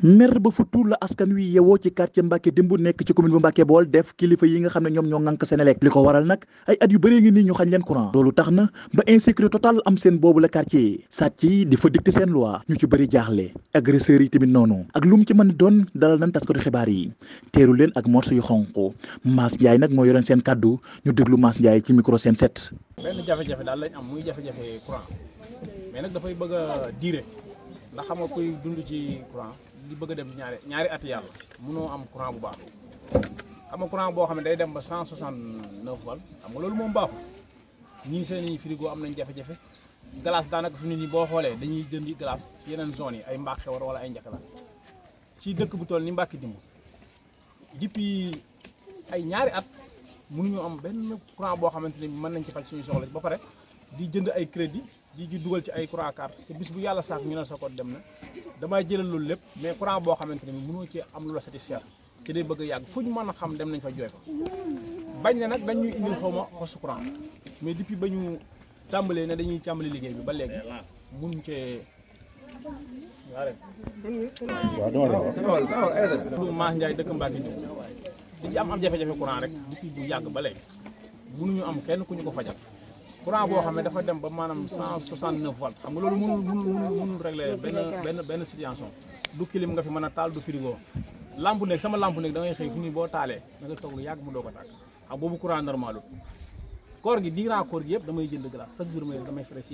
mer ba fu tuul la askan wi yewoo ci quartier Mbacke dimbu nekk ci commune bu Mbacke bool def kilifa yi nga xam ne ñoom ñoo ŋànk Senelec li ko waral nag ay at yu bëree ngi nii ñu xañ leen courant loolu tax na ba insécurité total am seen boobu la quartier sàcc yi di fa dicté seen loi ñu ci bëri jaaxle agresseurs yi tamit noonu ak lu mu ci mën doon dalal nañ taskatu xibaar yi teeru leen ak morso yu xonq mas Ndiaye nag moo yoreen seen kàddu ñu déglu mas Ndiaye ci micro seen set benn jafe-jafe daal lañ am muy jafe-jafe courant mais nag dafay bëgg a ndax xam nga koy dund ci courant di bëgg dem ñaari ñaari at yalla mëno am courant bu baax xam nga courant bo xamne day dem ba 169 soixante xam nga loolu mom baax ñii seen i frigo am nañ jafé jafé glace daanaka fi nit ñi boo xoolee dañuy jëndi glace ci yeneen zone yi ay mbax xewar wala ay la ci dëkk bu toll ni mbakk dimu dipi ay ñaari at mënuñu am benn courant bo xamanteni mën nañ ci faj suñu soxla ba paré di jënd ay crédit di ci dugal ci ay courant carte te bis bu yalla sax ñu na sa ko dem na damay jëlal loolu lépp mais courant boo xamante ne mënoo ci am lu la satisfaire ci day bëgg yàgg yàgg ñu mën a xam dem nañ fa jooy ko bañ ne nag dañuy indil xaw ma poste mais depuis ba ñu tàmbalee ne dañuy tàmbali liggéey bi ba léegi mun cee waaw Mass Ndiaye dëkk Mbacke Ndiob di am am jafe-jafe courant rek depuis yàgg ba léegi am kenn ku ñu ko fajal courant boo xam ne dafa dem ba maanaam cent soixante neuf volts xam nga loolu mënul mënul mënul régler benn benn benn situation du clim nga fi mën a taal du frigo lampe nekk sama lampe nekk da ngay xëy fu ñuy boo taalee da nga toog lu yàgg mu doo ko tàkk xam boobu courant normal koor gi diiraa koor gi yëpp damay jënd glace chaque jour may damay frais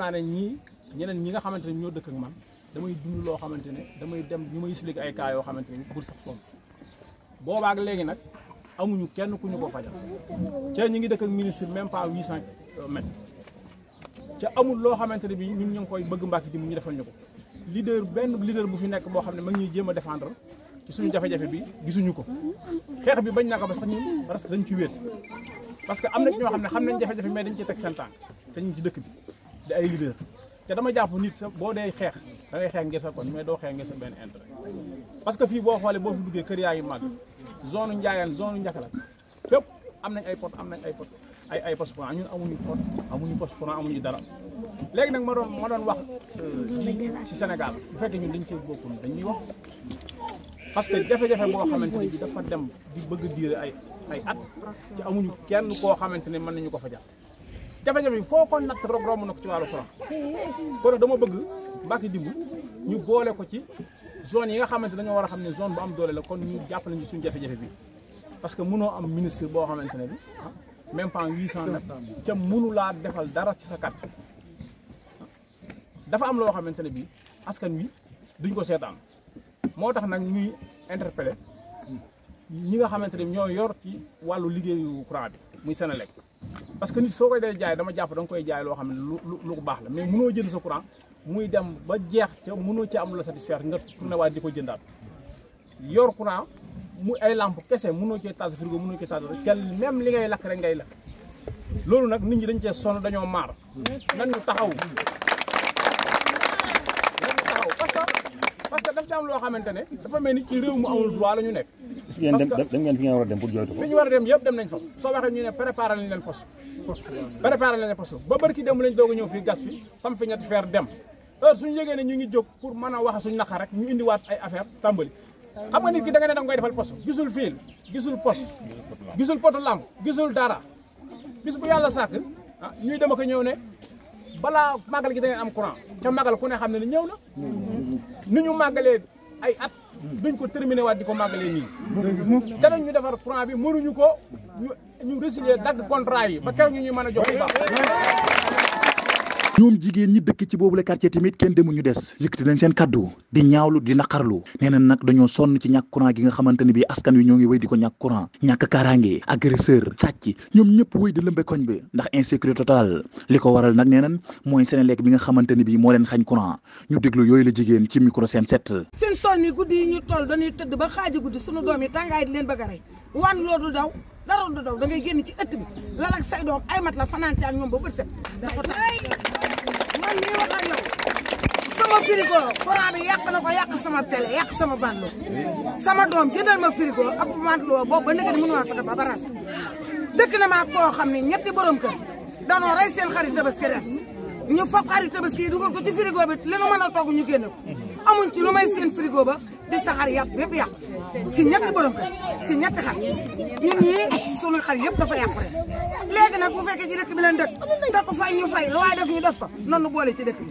naa ne ñii ñeneen ñi nga xamante ne ñoo dëkk ak man damay dund loo xamante ne damay dem ñu ma expliquer ay cas yoo xamante ne pour sax sonn boobaak léegi nag amuñu kenn ku ñu ko fajal ci ñi ngi dëkk ak ministre même pas 800 euh, mètres ci amul lo xamanteni bi ñun ñu ngi koy bëgg mbàkk di mu ñu defal ñuko leader benn leader bu fi nekk bo xamne ma ngi ñuy jéem défendre ci suñu jafé jafé bi gisuñu ko xex bi bañ na ko ba sax ñun parce que dañ ci wéet parce que amna na ñoo xam ne jafé mais dañ ci tek sen tànk té ñu ci dëkk bi di ay leader té dama japp nit sa bo day xex da ngay xex ngir sa kon mais do xex ngir sa benn intérêt parce que fi bo xolé bo fi duggé kër yaa mag zone Ndiayane zone Ndiakala fépp am nañ ay pot am nañ ay pot ay ay poste courant ñun amuñu pot amuñu poste courant amuñu dara léegi nag ma doon ma doon wax si euh, ci Sénégal bu fekkee ñun dañ koy bokkul dañuy wax parce que jafe-jafe boo xamante ne bi dafa dem di bëgg diire ay ay at ci amuñu kenn koo xamante ne mën nañu ko fa jàpp jafe-jafe yi foo ko natt rog romb na ko ci wàllu courant kon dama bëgg Mbacke Dimbu ñu boole ko ci zone yi nga xamante dañu wara a ne zone bu am doole la kon ñu japp nañu suñu jafé jafé bi parce que mëno am ministre bo xamante ne bi ah, même pas 800 cent neuf mënu la défal dara ci sa carte dafa am lo xamante ne bi askan wi duñ ko sétan motax nak ñuy interpeller ñi nga xamante ne ñoo yor ci wàllu yu courant bi muy sénégal parce que nit sokoy koy jaay dama japp dang koy jaay lo xam lu lu baax la mais mëno jël sa courant muy dem ba jeex ca mënoo ci am la satisfaire nga tourné wa diko ko yor courant mu ay lampe kese mënoo ci tass frigo mënoo ci tass kel même li ngay lak rek ngay lak lolu nak nit ñi dañ ci sonu dañoo mar nañu taxaw nañu taxaw parce que parce que daf ci am loo xamante ne dafa mel ni ci réew mu amul droit ñu nekk. est ce que dem a dem pour jooytu fa. fi ñu a dem yëpp dem nañ fa soo waxee ñu ne préparé nañ leen poste. poste préparé nañ leen poste ba barki dem doog a ñëw fii gas fi sam fi ñetti feer dem heure suñu yëgee ne ñu ngi jóg pour mën a wax suñu naqar rek ñu indiwaat ay affaire tàmbali. xam nga nit ki da nga ne da nga defal poste gisul fiil gisul poste gisul potu lamp gisul dara bis bu yàlla sàkk ah ñuy dem ak ñëw ne balaa màggal gi da ngeen am courant ca màggal ku ne xam ne ni ñëw na nu ñu màggalee ay at duñ ko terminé waat di ko màggalee nii te ñu defar courant bi mënuñu ko ñu ñu résilier dagg contrat yi ba keroog ñu ñuy mën a jox bu baax ñoom jigéen ñi dëkk ci boobu la quartier tamit kenn demul ñu des yëkkati nañ seen kaddu di ñaawlu di naqarlu nee nag dañoo sonn ci ñàkk courant gi nga xamante bi askan wi ñoo ngi wéy di ko ñàkk courant ñàkk kaaraange agresseur sàcc ñoom ñëpp wéy di lëmbe koñ bi ndax insécurité totale li ko waral nag nee nan mooy Senelec bi nga xamante bi moo leen xañ courant ñu déglu yooyu la jigéen ci micro set seen tool ni guddi yi ñu toll dañuy tëdd ba xaaji guddi bi lal ak say doom ay ma frigo courant bi yàq na ko yàq sama télé yàq sama banlo sama doom jëndal ma frigo ak manteloo boobu ba nekk di mënu maa fexe ba baras dëkk na maa koo xam ne ñetti borom kër danoo rey seen xarit tabaski ren ñu fab xarit tabaski yi dugal ko ci frigo bi li nu man a togg ñu génne ko amuñ ci lu may seen frigo ba di saxar yàpp yëpp yàq ci ñetti borom kër ci ñetti xar ñun ñii sunu xar yëpp dafa yàqu rek léegi nag bu fekkee ci dëkk bi leen dëkk dëkk fay ñu fay lu waaye def ñu def ko nanu boole ci dëkk bi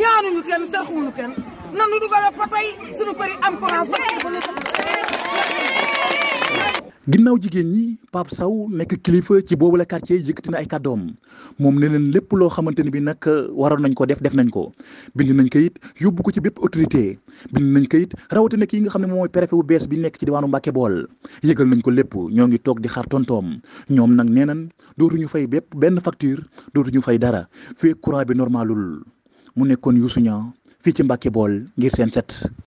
ñaanuñu kenn sërxuwuñu kenn nanu dugal ko tey sunu kër yi am courage ba ginnaaw jigéen ñi Pape saw nekk kilifa ci boobu la quartier yëkkati na ay kàddoom moom ne lépp loo xamante ni bi nag waroon nañ ko def def nañ ko bind nañ ko it yóbbu ko ci bépp autorité bind nañ ko it rawatina yi nga xam ne moom mooy préfet bu bees bi nekk ci diwaanu Mbàkke Bool yëgal nañ ko lépp ñoo ngi toog di xaar tontoom ñoom nag nee nañ dootuñu fay bépp benn facture dootuñu fay dara fii courant bi normalul mu nekkoon Youssou Niang fii ci Mbàkke Bool ngir seen set